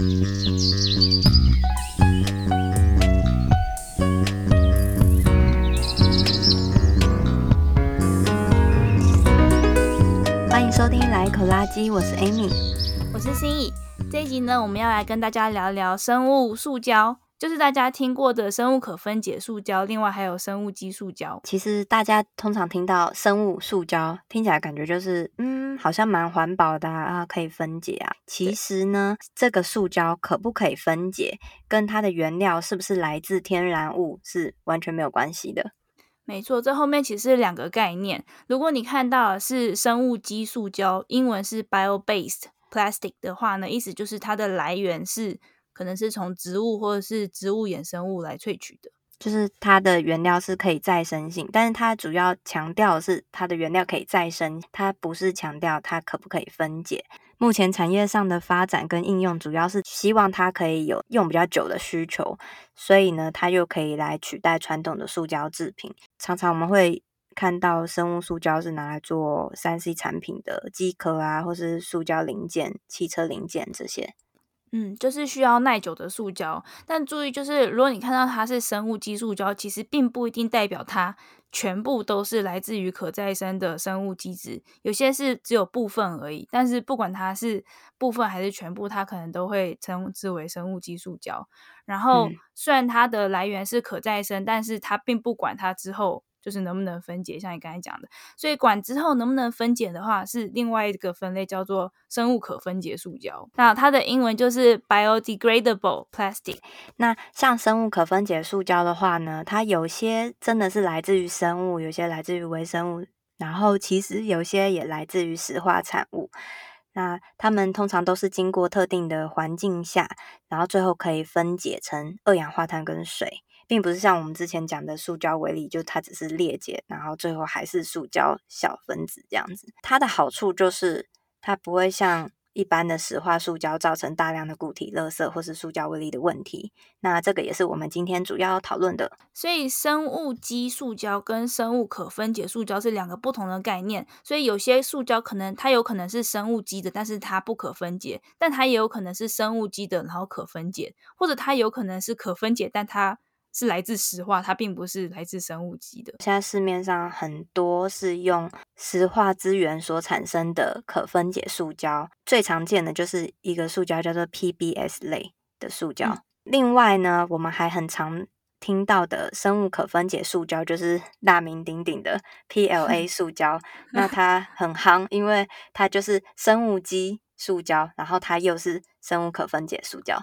歡迎收聽《來一口垃圾》，我是 Amy，我是心怡。這一集呢，我們要來跟大家聊聊生物塑膠。就是大家聽過的生物可分解塑膠，另外還有生物基塑膠。其實大家通常聽到生物塑膠，聽起來感覺就是，嗯，好像蠻環保的啊，啊可以分解啊。對其實呢，這個塑膠可不可以分解，跟它的原料是不是來自天然物是完全沒有關係的。沒錯，這後面其實是兩個概念。如果你看到是生物基塑膠，英文是 bio-based plastic 的話呢，意思就是它的來源是。可能是從植物或者是植物衍生物來萃取的，就是它的原料是可以再生性，但是它主要強調的是它的原料可以再生，它不是強調它可不可以分解。目前產業上的發展跟應用，主要是希望它可以有用比較久的需求，所以呢，它就可以來取代傳統的塑膠製品。常常我們會看到生物塑膠是拿來做三 C 產品的機殼啊，或是塑膠零件、汽車零件這些。嗯，就是需要耐久的塑膠，但注意就是，如果你看到它是生物基塑膠，其實並不一定代表它全部都是來自於可再生的生物基質，有些是只有部分而已。但是不管它是部分還是全部，它可能都會稱之為生物基塑膠。然後、嗯、雖然它的來源是可再生，但是它並不管它之後。就是能不能分解，像你剛才講的，所以管之後能不能分解的話，是另外一個分類，叫做生物可分解塑膠。那它的英文就是 biodegradable plastic。那像生物可分解塑膠的話呢，它有些真的是來自於生物，有些來自於微生物，然後其實有些也來自於石化產物。那它們通常都是經過特定的環境下，然後最後可以分解成二氧化碳跟水。並不是像我們之前講的塑膠微粒，就它只是裂解，然後最後還是塑膠小分子這樣子。它的好處就是它不會像一般的石化塑膠造成大量的固體垃圾或是塑膠微粒的問題。那這個也是我們今天主要討論的。所以生物基塑膠跟生物可分解塑膠是兩個不同的概念。所以有些塑膠可能它有可能是生物基的，但是它不可分解；但它也有可能是生物基的，然後可分解，或者它有可能是可分解，但它。是來自石化，它並不是來自生物基的。現在市面上很多是用石化資源所產生的可分解塑膠，最常見的就是一個塑膠叫做 PBS 類的塑膠。嗯、另外呢，我們還很常聽到的生物可分解塑膠就是大名鼎鼎的 PLA 塑膠。 那它很夯，因為它就是生物基塑膠，然後它又是生物可分解塑膠。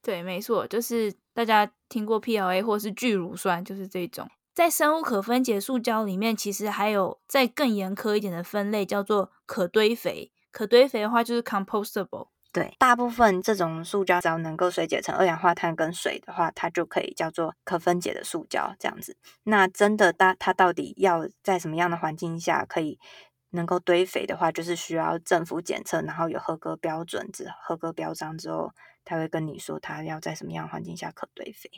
對，沒錯，就是。大家聽過 PLA 或是聚乳酸，就是這種在生物可分解塑膠裡面，其實還有再更嚴苛一點的分類，叫做可堆肥。可堆肥的話就是 compostable。對，大部分這種塑膠只要能夠水解成二氧化碳跟水的話，它就可以叫做可分解的塑膠這樣子。那真的它它到底要在什麼樣的環境下可以能夠堆肥的話，就是需要政府檢測，然後有合格標準之合格標章之後。他會跟你說，他要在什麼樣的環境下可堆肥，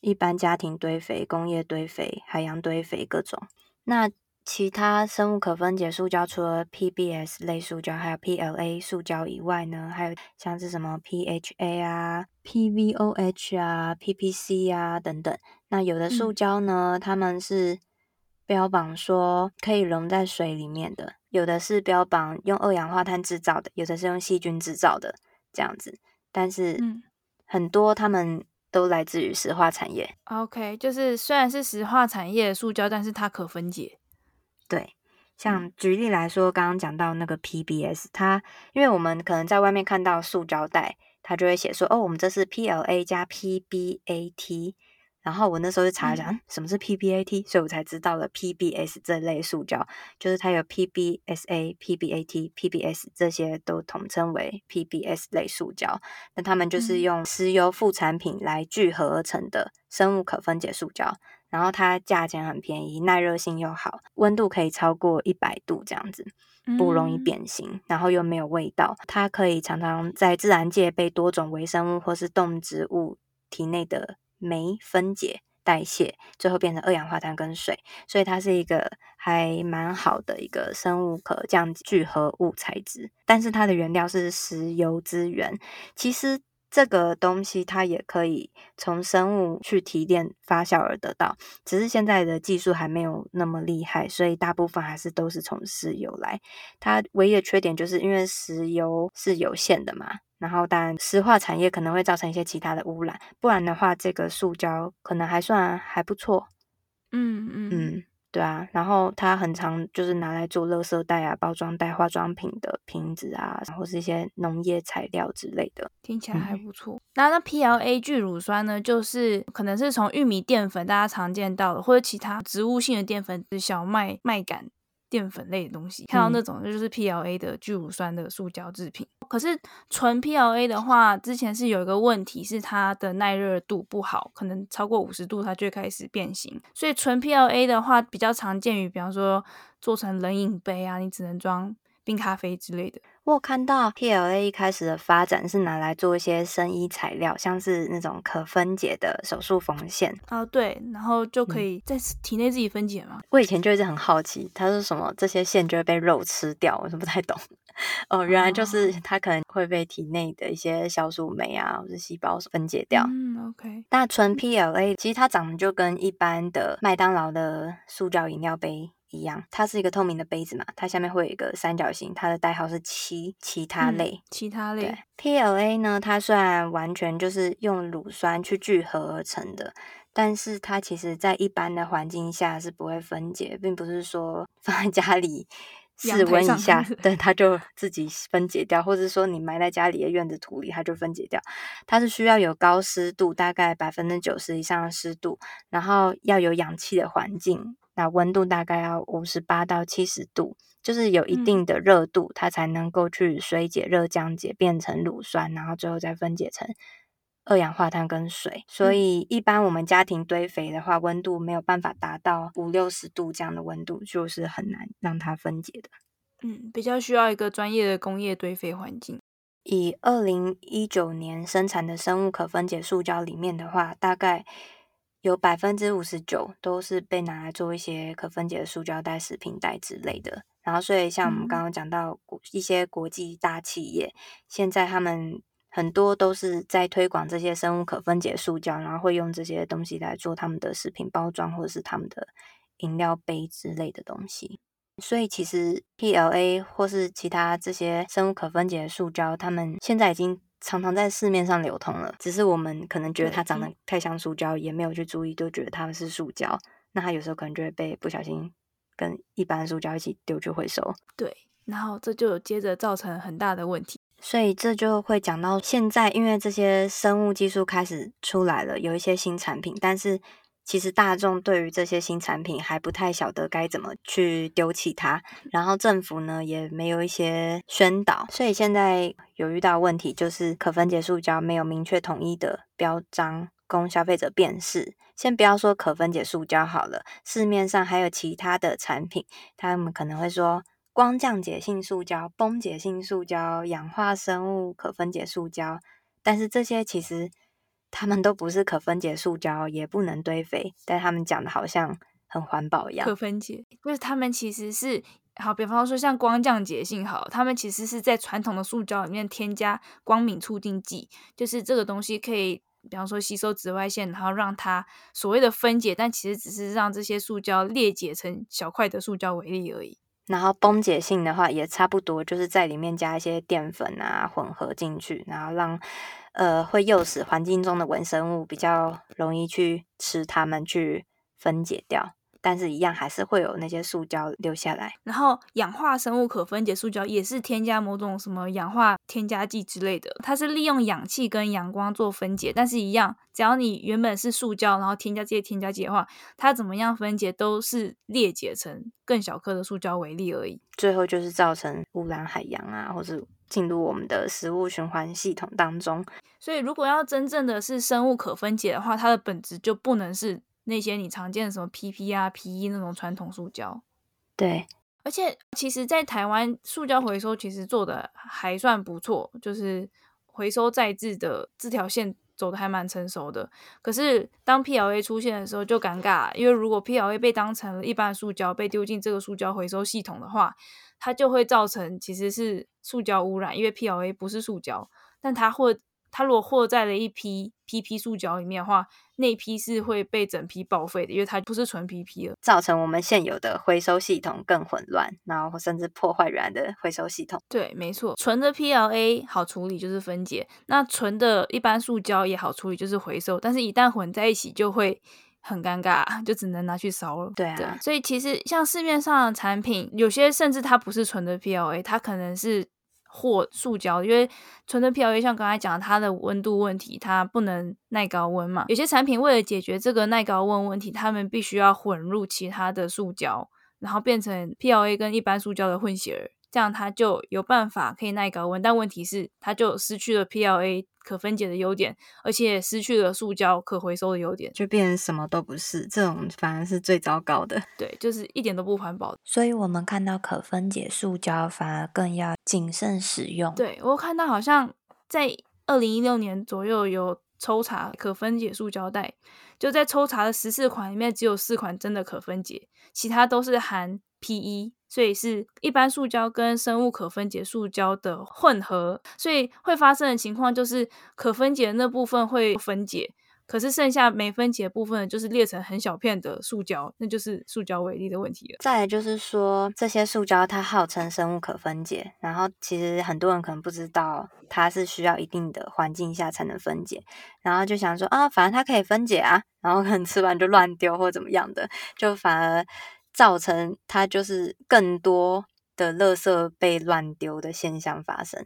一般家庭堆肥、工業堆肥、海洋堆肥各種。那其他生物可分解塑膠，除了 PBS 類塑膠還有 PLA 塑膠以外呢，還有像是什麼 PHA 啊、PVOH 啊、PPC 啊等等。那有的塑膠呢，他、嗯、們是標榜說可以溶在水裡面的，有的是標榜用二氧化碳制造的，有的是用細菌制造的，這樣子。但是，嗯，很多他們都來自於石化產業、嗯，O.K.，就是雖然是石化產業塑膠，但是它可分解。對，像舉例來說，剛剛講到那個 P.B.S.，它因為我們可能在外面看到塑膠袋，它就會寫說，哦，我們這是 P.L.A. 加 P.B.A.T. 然後我那時候就查了一下，嗯、什麼是 PBAT，所以我才知道了 PBS 這類塑膠，就是它有 PBSA、PBAT、PBS 這些都統稱為 PBS 類塑膠。那它們就是用石油副產品來聚合而成的生物可分解塑膠。嗯、然後它價錢很便宜，耐熱性又好，溫度可以超過一百度這樣子，不容易變形，嗯、然後又沒有味道。它可以常常在自然界被多種微生物或是動植物體內的。酶分解代謝，最後變成二氧化碳跟水，所以它是一個還蠻好的一個生物可降解聚合物材質。但是它的原料是石油資源，其實這個東西它也可以從生物去提煉發酵而得到，只是現在的技術還沒有那麼厲害，所以大部分還是都是從石油來。它唯一的缺點就是因為石油是有限的嘛。然後，當然，石化產業可能會造成一些其他的污染，不然的話，這個塑膠可能還算還不錯。嗯嗯嗯，對啊。然後它很常就是拿來做垃圾袋啊、包裝袋、化妝品的瓶子啊，然後是一些農業材料之類的。聽起來還不錯。嗯、那那 PLA 聚乳酸呢？就是可能是從玉米澱粉，大家常見到的，或者其他植物性的澱粉，是小麥麥稈。澱粉類的東西，看到那種就是 PLA 的聚乳酸的塑膠製品。嗯。可是純 PLA 的話，之前是有一個問題是它的耐熱度不好，可能超過五十度它就開始變形。所以純 PLA 的話比較常見於，比方說做成冷飲杯啊，你只能裝。冰咖啡之類的。我有看到 PLA 一開始的發展是拿來做一些生醫材料，像是那種可分解的手術縫線啊，對，然後就可以在體內自己分解嘛、嗯。我以前就一直很好奇，它是什麼？這些線就會被肉吃掉？我是不太懂。 哦，原來就是它可能會被體內的一些酵素酶啊，或者細胞分解掉。嗯，OK。但純 PLA 其實它長得就跟一般的麥當勞的塑膠飲料杯。一樣，它是一個透明的杯子嘛，它下面會有一個三角形，它的代號是七，其他類，其他類。嗯、對，PLA 呢，它雖然完全就是用乳酸去聚合而成的，但是它其實在一般的環境下是不會分解，並不是說放在家裡室溫一下，對，它就自己分解掉，或者說你埋在家裡的院子土裡，它就分解掉。它是需要有高濕度，大概百分之九十以上的濕度，然後要有氧氣的環境，那溫度大概要五十八到七十度，就是有一定的熱度，嗯、它才能夠去水解、熱降解，變成乳酸，然後最後再分解成二氧化碳跟水。所以，一般我們家庭堆肥的話，溫度沒有辦法達到五六十度這樣的溫度，就是很難讓它分解的。嗯，比較需要一個專業的工業堆肥環境。以二零一九年生產的生物可分解塑膠裡面的話，大概。有百分之五十九都是被拿來做一些可分解的塑膠袋、食品袋之類的。然後，所以像我們剛剛講到國一些國際大企業，現在他們很多都是在推廣這些生物可分解的塑膠，然後會用這些東西來做他們的食品包裝或者是他們的飲料杯之類的東西。所以，其實 PLA 或是其他這些生物可分解的塑膠，他們現在已經。常常在市面上流通了，只是我們可能覺得它長得太像塑膠，對也沒有去注意，就覺得它們是塑膠。那它有時候可能就會被不小心跟一般的塑膠一起丟去回收。對，然後這就接着造成很大的問題。所以這就會講到現在，因為這些生物技術開始出來了，有一些新產品，但是。其實大眾對於這些新產品還不太曉得該怎麼去丟棄它，然後政府呢也沒有一些宣導，所以現在有遇到問題就是可分解塑膠沒有明確統一的標章供消費者辨識。先不要說可分解塑膠好了，市面上還有其他的產品，他們可能會說光降解性塑膠、崩解性塑膠、氧化生物可分解塑膠，但是這些其實。他們都不是可分解塑膠，也不能堆肥，但他們講的好像很環保一樣。可分解，就是他們其實是好，比方說像光降解性好，他們其實是在傳統的塑膠裡面添加光敏促進劑，就是這個東西可以，比方說吸收紫外線，然後讓它所謂的分解，但其實只是讓這些塑膠裂解成小塊的塑膠微粒而已。然後崩解性的話，也差不多，就是在裡面加一些澱粉啊，混合進去，然後讓。呃，會誘使環境中的微生物比較容易去吃它們，去分解掉。但是，一樣還是會有那些塑膠留下來。然後，氧化生物可分解塑膠也是添加某種什麼氧化添加劑之類的，它是利用氧氣跟陽光做分解。但是一樣，只要你原本是塑膠，然後添加這些添加劑的話，它怎麼樣分解都是裂解成更小顆的塑膠微粒而已。最後就是造成污染海洋啊，或是進入我們的食物循環系統當中。所以，如果要真正的是生物可分解的話，它的本質就不能是。那些你常見的什麼 PP 啊、PE 那種傳統塑膠，對，而且其實，在台灣塑膠回收其實做的還算不錯，就是回收再制的這條線走的還蠻成熟的。可是當 PLA 出現的時候就尷尬，因為如果 PLA 被當成了一般塑膠被丟進這個塑膠回收系統的話，它就會造成其實是塑膠污染，因為 PLA 不是塑膠，但它或它如果獲在了一批。P P 塑膠裡面的話，那批是會被整批報廢的，因為它不是純 P P 了，造成我們現有的回收系統更混亂，然後甚至破壞原來的回收系統。對，沒錯，純的 P L A 好處理就是分解，那純的一般塑膠也好處理就是回收，但是，一旦混在一起就會很尷尬，就只能拿去燒了。對啊，對，所以其實像市面上的產品，有些甚至它不是純的 P L A，它可能是。或塑膠，因為純粹 PLA 像剛才講它的溫度問題，它不能耐高溫嘛。有些產品為了解決這個耐高溫問題，他們必須要混入其他的塑膠，然後變成 PLA 跟一般塑膠的混血兒。這樣它就有辦法可以耐高溫，但問題是它就失去了 PLA 可分解的優點，而且失去了塑膠可回收的優點，就變成什麼都不是。這種反而是最糟糕的。對，就是一點都不環保。所以我們看到可分解塑膠反而更要謹慎使用。對，我看到好像在二零一六年左右有抽查可分解塑膠袋，就在抽查的十四款裡面，只有四款真的可分解，其他都是含。P.E.，所以是一般塑膠跟生物可分解塑膠的混合，所以會發生的情況就是可分解的那部分會分解，可是剩下沒分解的部分就是裂成很小片的塑膠，那就是塑膠微粒的問題了。再來就是說這些塑膠它號稱生物可分解，然後其實很多人可能不知道它是需要一定的環境下才能分解，然後就想說啊，反正它可以分解啊，然後可能吃完就亂丟或怎麼樣的，就反而。造成它就是更多的垃圾被亂丟的現象發生。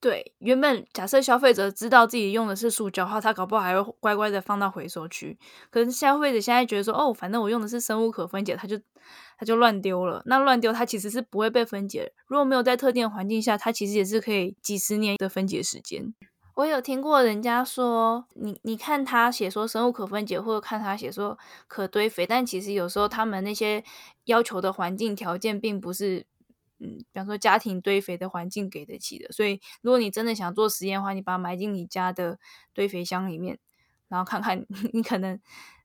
對，原本假設消費者知道自己用的是塑膠的話，他搞不好還會乖乖的放到回收區。可是消費者現在覺得說，哦，反正我用的是生物可分解，它就它就亂丟了。那亂丟，它其實是不會被分解。如果沒有在特定環境下，它其實也是可以幾十年的分解時間。我有聽過人家說，你你看他寫說生物可分解，或者看他寫說可堆肥，但其實有時候他們那些要求的環境條件並不是，嗯，比方說家庭堆肥的環境給得起的。所以，如果你真的想做實驗的話，你把它埋進你家的堆肥箱裡面，然後看看你可能，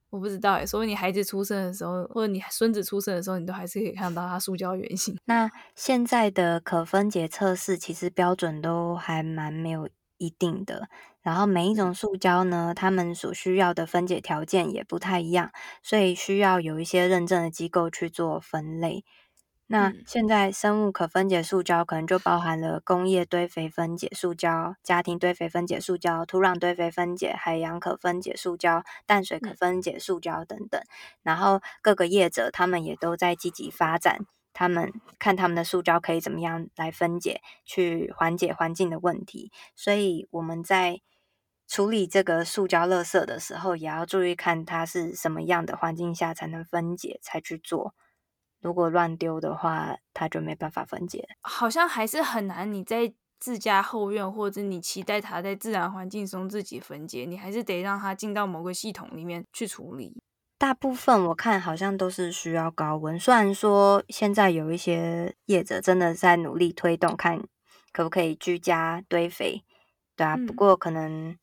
我不知道誒，所以你孩子出生的時候，或者你孫子出生的時候，你都還是可以看到它塑膠原型。那現在的可分解測試其實標準都還蠻沒有一定的，然後每一種塑膠呢，它們所需要的分解條件也不太一樣，所以需要有一些認證的機構去做分類。那現在生物可分解塑膠可能就包含了工業堆肥分解塑膠、家庭堆肥分解塑膠、土壤堆肥分解、海洋可分解塑膠、淡水可分解塑膠等等。然後各個業者他們也都在積極發展。他們看他們的塑膠可以怎麼樣來分解，去緩解環境的問題。所以我們在處理這個塑膠垃圾的時候，也要注意看它是什麼樣的環境下才能分解，才去做。如果亂丟的話，它就沒辦法分解。好像還是很難。你在自家後院，或者你期待它在自然環境中自己分解，你還是得讓它進到某個系統裡面去處理。大部分我看好像都是需要高溫，雖然說現在有一些業者真的在努力推動，看可不可以居家堆肥，對啊，嗯。不過可能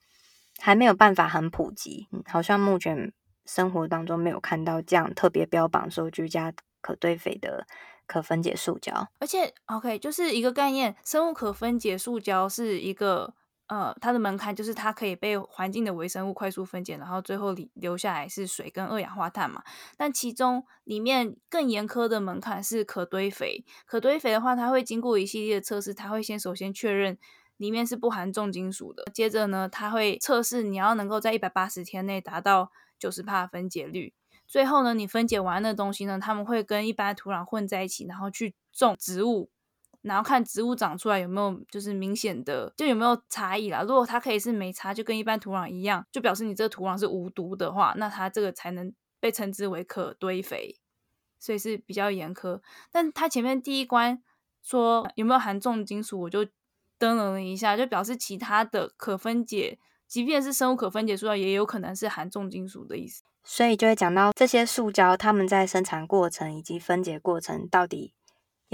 還沒有辦法很普及，好像目前生活當中沒有看到這樣特別標榜說居家可堆肥的可分解塑膠。而且，OK，就是一個概念，生物可分解塑膠是一個。呃，它的門檻就是它可以被環境的微生物快速分解，然後最後留留下來是水跟二氧化碳嘛。但其中裡面更嚴苛的門檻是可堆肥。可堆肥的話，它會經過一系列的測試，它會先首先確認裡面是不含重金屬的。接着呢，它會測試你要能夠在一百八十天內達到九十趴分解率。最後呢，你分解完的東西呢，他們會跟一般土壤混在一起，然後去種植物。然後看植物長出來有沒有，就是明顯的就有沒有差異啦。如果它可以是沒差，就跟一般土壤一樣，就表示你這個土壤是無毒的話，那它這個才能被稱之為可堆肥，所以是比較嚴苛。但它前面第一關說有沒有含重金屬，我就登了了一下，就表示其他的可分解，即便是生物可分解塑料，也有可能是含重金屬的意思。所以就會講到這些塑膠，它們在生產過程以及分解過程到底，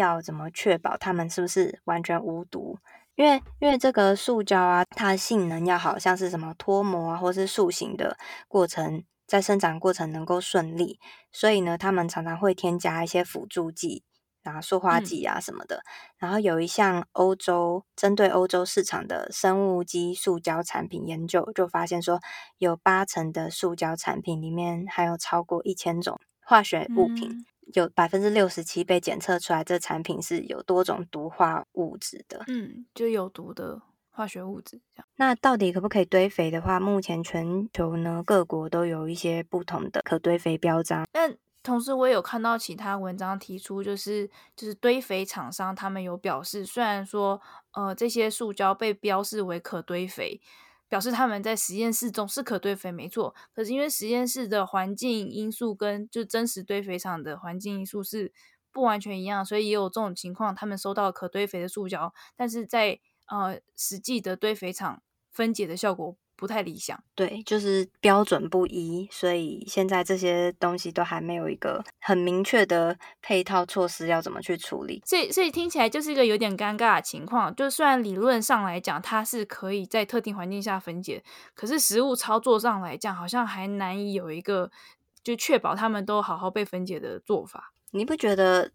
要怎麼確保它們是不是完全無毒？因為因為這個塑膠啊，它的性能要好，像是什麼脫模啊，或是塑形的過程，在生產過程能夠順利，所以呢，他們常常會添加一些輔助劑啊、然後塑化劑啊什麼的。嗯、然後有一項歐洲針對歐洲市場的生物基塑膠產品研究，就發現說，有八成的塑膠產品裡面含有超過一千種化學物品。嗯有百分之六十七被檢測出來，這產品是有多種毒化物質的。嗯，就有毒的化學物質這樣。那到底可不可以堆肥的話？目前全球呢，各國都有一些不同的可堆肥標章。但同時，我有看到其他文章提出，就是就是堆肥廠商他們有表示，雖然說呃這些塑膠被標示為可堆肥。表示他們在實驗室中是可堆肥，沒錯。可是因為實驗室的環境因素跟就真實堆肥廠的環境因素是不完全一樣，所以也有這種情況，他們收到可堆肥的塑膠，但是在呃實際的堆肥廠分解的效果，不太理想，對，就是標準不一，所以現在這些東西都還沒有一個很明確的配套措施要怎麼去處理，所以所以聽起來就是一個有點尷尬的情況。就雖然理論上來講，它是可以在特定環境下分解，可是實務操作上來講，好像還難以有一個就確保它們都好好被分解的做法，你不覺得？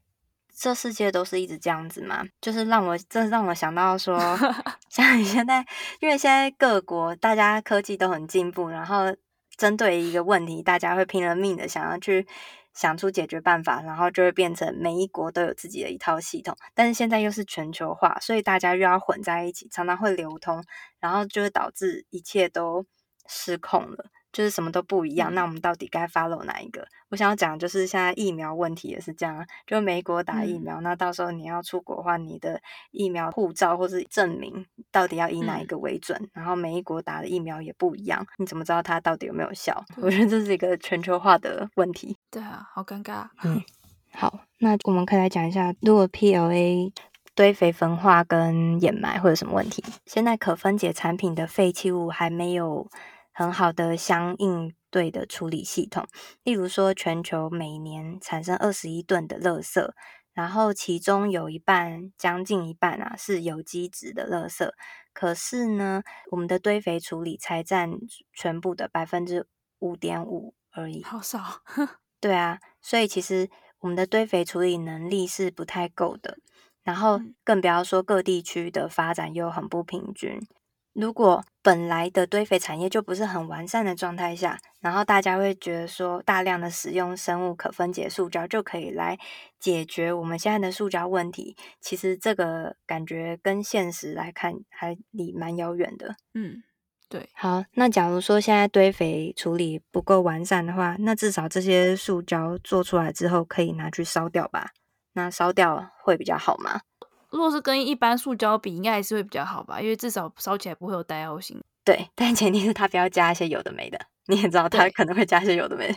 這世界都是一直這樣子嘛，就是讓我這讓我想到說，像現在，因為現在各國大家科技都很進步，然後針對一個問題，大家會拼了命的想要去想出解決辦法，然後就會變成每一國都有自己的一套系統，但是現在又是全球化，所以大家又要混在一起，常常會流通，然後就會導致一切都失控了。就是什麼都不一樣，那我們到底該 follow 哪一個？嗯、我想要講就是現在疫苗問題也是這樣，就美國打疫苗，嗯、那到時候你要出國的話，你的疫苗護照或是證明到底要以哪一個為準？嗯、然後每一國打的疫苗也不一樣，你怎麼知道它到底有沒有效？對我覺得這是一個全球化的問題。對啊，好尷尬。嗯，好，那我們可以來講一下，如果 PLA 堆肥、焚化跟掩埋會有什麼問題？現在可分解產品的廢棄物還沒有很好的相應對的處理系統，例如說，全球每年產生二十一噸的垃圾，然後其中有一半，將近一半啊，是有機質的垃圾，可是呢，我們的堆肥處理才佔全部的百分之五點五而已。好少。對啊，所以其實我們的堆肥處理能力是不太夠的，然後更不要說各地區的發展又很不平均。如果本來的堆肥產業就不是很完善的狀態下，然後大家會覺得說大量的使用生物可分解塑膠就可以來解決我們現在的塑膠問題，其實這個感覺跟現實來看還離蠻遙遠的。嗯，對。好，那假如說現在堆肥處理不夠完善的話，那至少這些塑膠做出來之後可以拿去燒掉吧？那燒掉會比較好嗎？如果是跟一般塑膠比，應該還是會比較好吧，因為至少燒起來不會有戴奧辛。對，但前提是他不要加一些有的沒的，你也知道他可能會加一些有的沒的。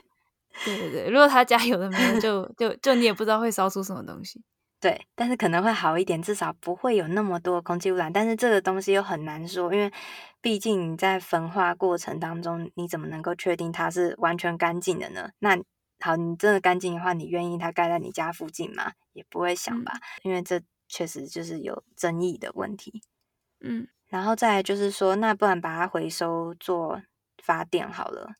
對對對，如果他加有的沒的 就，就就就你也不知道會燒出什麼東西。對，但是可能會好一點，至少不會有那麼多空氣污染。但是這個東西又很難說，因為畢竟你在焚化過程當中，你怎麼能夠確定它是完全乾淨的呢？那好，你真的乾淨的話，你願意它蓋在你家附近嗎？也不會想吧，嗯、因為這。確實就是有爭議的問題，嗯，然後再來就是說，那不然把它回收做發電好了。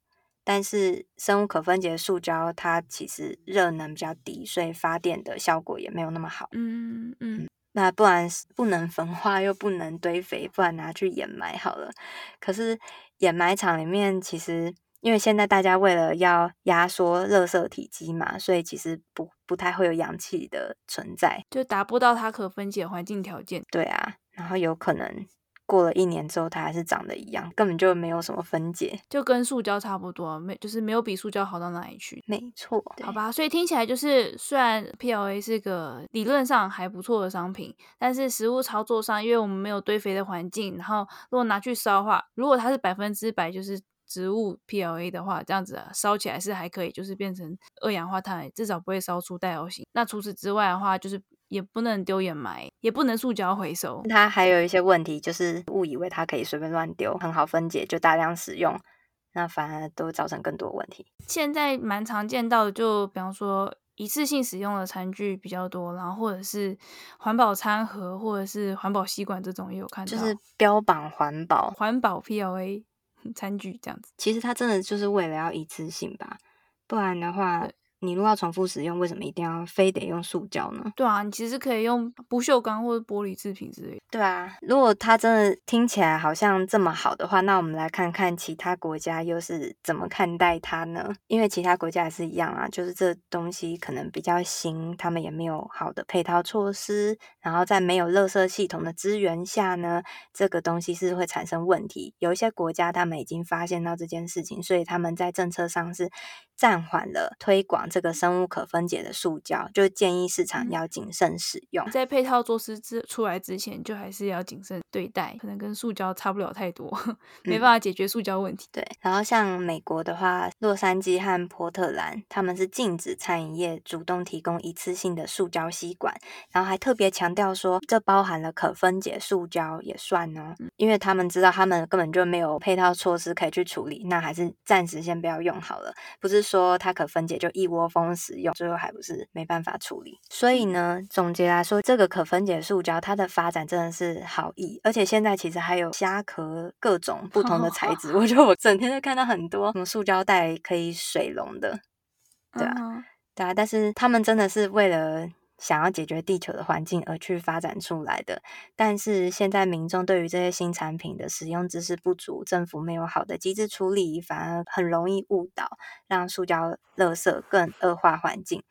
但是生物可分解的塑膠，它其實熱能比較低，所以發電的效果也沒有那麼好。嗯嗯嗯，那不然不能焚化又不能堆肥，不然拿去掩埋好了。可是掩埋場裡面其實。因為現在大家為了要壓縮垃圾體積嘛，所以其實不不太會有氧氣的存在，就達不到它可分解環境條件。對啊，然後有可能過了一年之後，它還是長得一樣，根本就沒有什麼分解，就跟塑膠差不多，沒就是沒有比塑膠好到哪裡去。沒錯錯，對好吧，所以聽起來就是，雖然 PLA 是個理論上還不錯的商品，但是實務操作上，因為我們沒有堆肥的環境，然後如果拿去燒的話，如果它是百分之百就是。植物 PLA 的話，這樣子啊，燒起來是還可以，就是變成二氧化碳，至少不會燒出戴奧辛。那除此之外的話，就是也不能丟掩埋，也不能塑膠回收。它還有一些問題，就是誤以為它可以隨便亂丟，很好分解，就大量使用，那反而都造成更多問題。現在蠻常見到的，就比方說一次性使用的餐具比較多，然後或者是環保餐盒，或者是環保吸管這種也有看到。就是標榜環保，環保 PLA。餐具這樣子，其實他真的就是為了要一次性吧，不然的話。你如果要重複使用，為什麼一定要非得用塑膠呢？對啊，你其實可以用不鏽鋼或者玻璃製品之類的。對啊，如果它真的聽起來好像這麼好的話，那我們來看看其他國家又是怎麼看待它呢？因為其他國家也是一樣啊，就是這東西可能比較新，他們也沒有好的配套措施，然後在沒有垃圾系統的支援下呢，這個東西是會產生問題。有一些國家他們已經發現到這件事情，所以他們在政策上是暫緩了推廣。這個生物可分解的塑膠，就建議市場要謹慎使用。在配套措施之出來之前，就還是要謹慎對待，可能跟塑膠差不了太多，嗯、沒辦法解決塑膠問題。對，然後像美國的話，洛杉磯和波特蘭他們是禁止餐飲業主動提供一次性的塑膠吸管，然後還特別強調說，這包含了可分解塑膠也算哦，嗯、因為他們知道他們根本就沒有配套措施可以去處理，那還是暫時先不要用好了。不是說它可分解就意味。窩蜂使用，最後還不是沒辦法處理。所以呢，總結來說，這個可分解塑膠它的發展真的是好意，而且現在其實還有蝦殼各種不同的材質。Oh. 我覺得我整天都看到很多什麼塑膠袋可以水溶的，對啊，uh huh. 對啊，但是他們真的是為了。想要解決地球的環境而去發展出來的，但是現在民眾對於這些新產品的使用知識不足，政府沒有好的機制處理，反而很容易誤導，讓塑膠垃圾更惡化環境。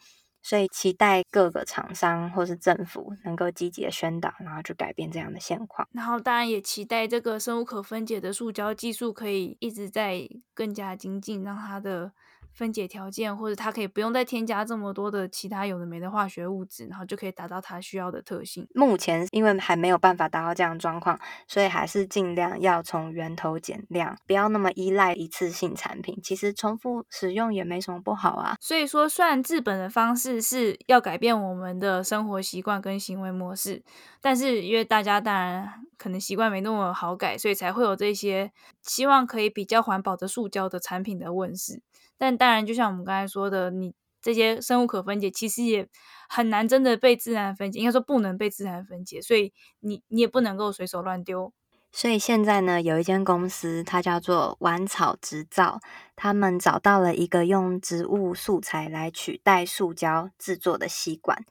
所以期待各個廠商或是政府能夠積極的宣導，然後去改變這樣的現況。然後當然也期待這個生物可分解的塑膠技術可以一直在更加精進，讓它的。分解條件，或者它可以不用再添加這麼多的其他有的沒的化學物質，然後就可以達到它需要的特性。目前因為還沒有辦法達到這樣的狀況，所以還是盡量要從源頭減量，不要那麼依賴一次性產品。其實重複使用也沒什麼不好啊。所以說，雖然治本的方式是要改變我們的生活習慣跟行為模式，但是因為大家當然可能習慣沒那麼好改，所以才會有這些希望可以比較環保的塑膠的產品的問世。但當然，就像我們剛才說的，你這些生物可分解，其實也很難真的被自然分解，應該說不能被自然分解，所以你你也不能夠隨手亂丟。所以現在呢，有一間公司，它叫做玩草植造，他們找到了一個用植物素材來取代塑膠製作的吸管。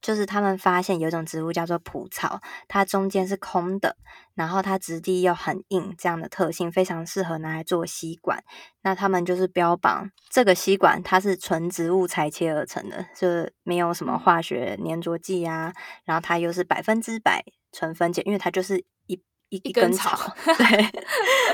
就是他們發現有一種植物叫做蒲草，它中間是空的，然後它質地又很硬，這樣的特性非常適合拿來做吸管。那他們就是標榜這個吸管它是純植物裁切而成的，就沒有什麼化學粘着劑啊，然後它又是百分之百純分解，因為它就是。一,一根草， 對，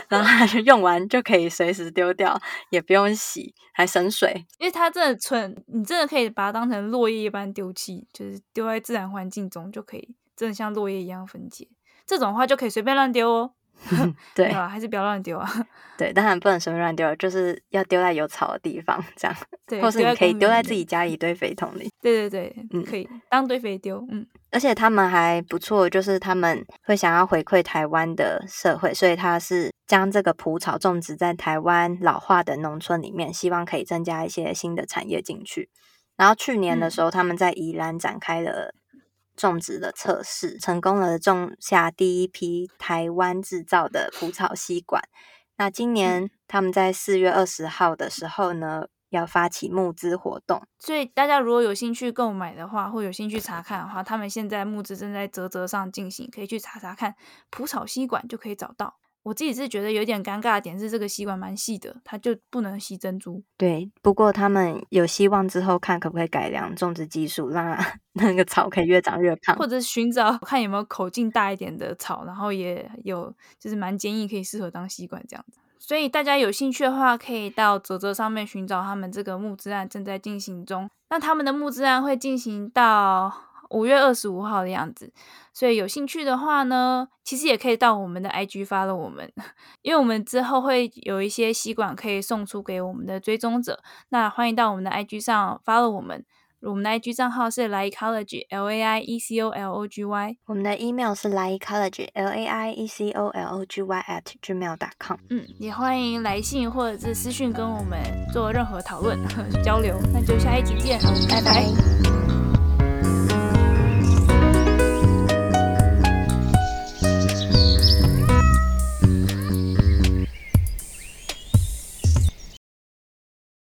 然後它就用完就可以隨時丟掉，也不用洗，還省水。因為它真的純，你真的可以把它當成落葉一般丟棄，就是丟在自然環境中就可以，真的像落葉一樣分解。這種的話就可以隨便亂丟哦。嗯、對呵呵，還是不要亂丟啊。對，當然不能隨便亂丟，就是要丟在有草的地方這樣。對，或是你可以丟在自己家一堆肥桶裡。對對對，嗯，可以、嗯、當堆肥丟。嗯，而且他們還不錯，就是他們會想要回饋台灣的社會，所以他是將這個蒲草種植在台灣老化的農村裡面，希望可以增加一些新的產業進去。然後去年的時候，嗯、他們在宜蘭展開了。種植的測試成功了，種下第一批台灣製造的蒲草吸管。那今年他們在四月二十號的時候呢，要發起募資活動。所以大家如果有興趣購買的話，或有興趣查看的話，他們現在募資正在嘖嘖上進行，可以去查查看蒲草吸管就可以找到。我自己是覺得有點尷尬的點是，這個吸管蠻細的，它就不能吸珍珠。對，不過他們有希望之後看可不可以改良種植技術，讓那個草可以越長越胖，或者尋找看有沒有口徑大一點的草，然後也有就是蠻堅硬，可以適合當吸管這樣子。所以大家有興趣的話，可以到嘖嘖上面尋找他們這個募資案正在進行中。那他們的募資案會進行到。五月二十五號的樣子，所以有興趣的話呢，其實也可以到我們的 IG follow 我們，因為我們之後會有一些吸管可以送出給我們的追蹤者。那歡迎到我們的 IG 上 follow 我們，我們的 IG 賬號是 lai ecology，l a i e c o l o g y，我們的 email 是 lai ecology，l a i e c o l o g y at gmail.com。嗯，也歡迎來信或者是私訊跟我們做任何討論交流。那就下一集見，好拜拜。拜拜。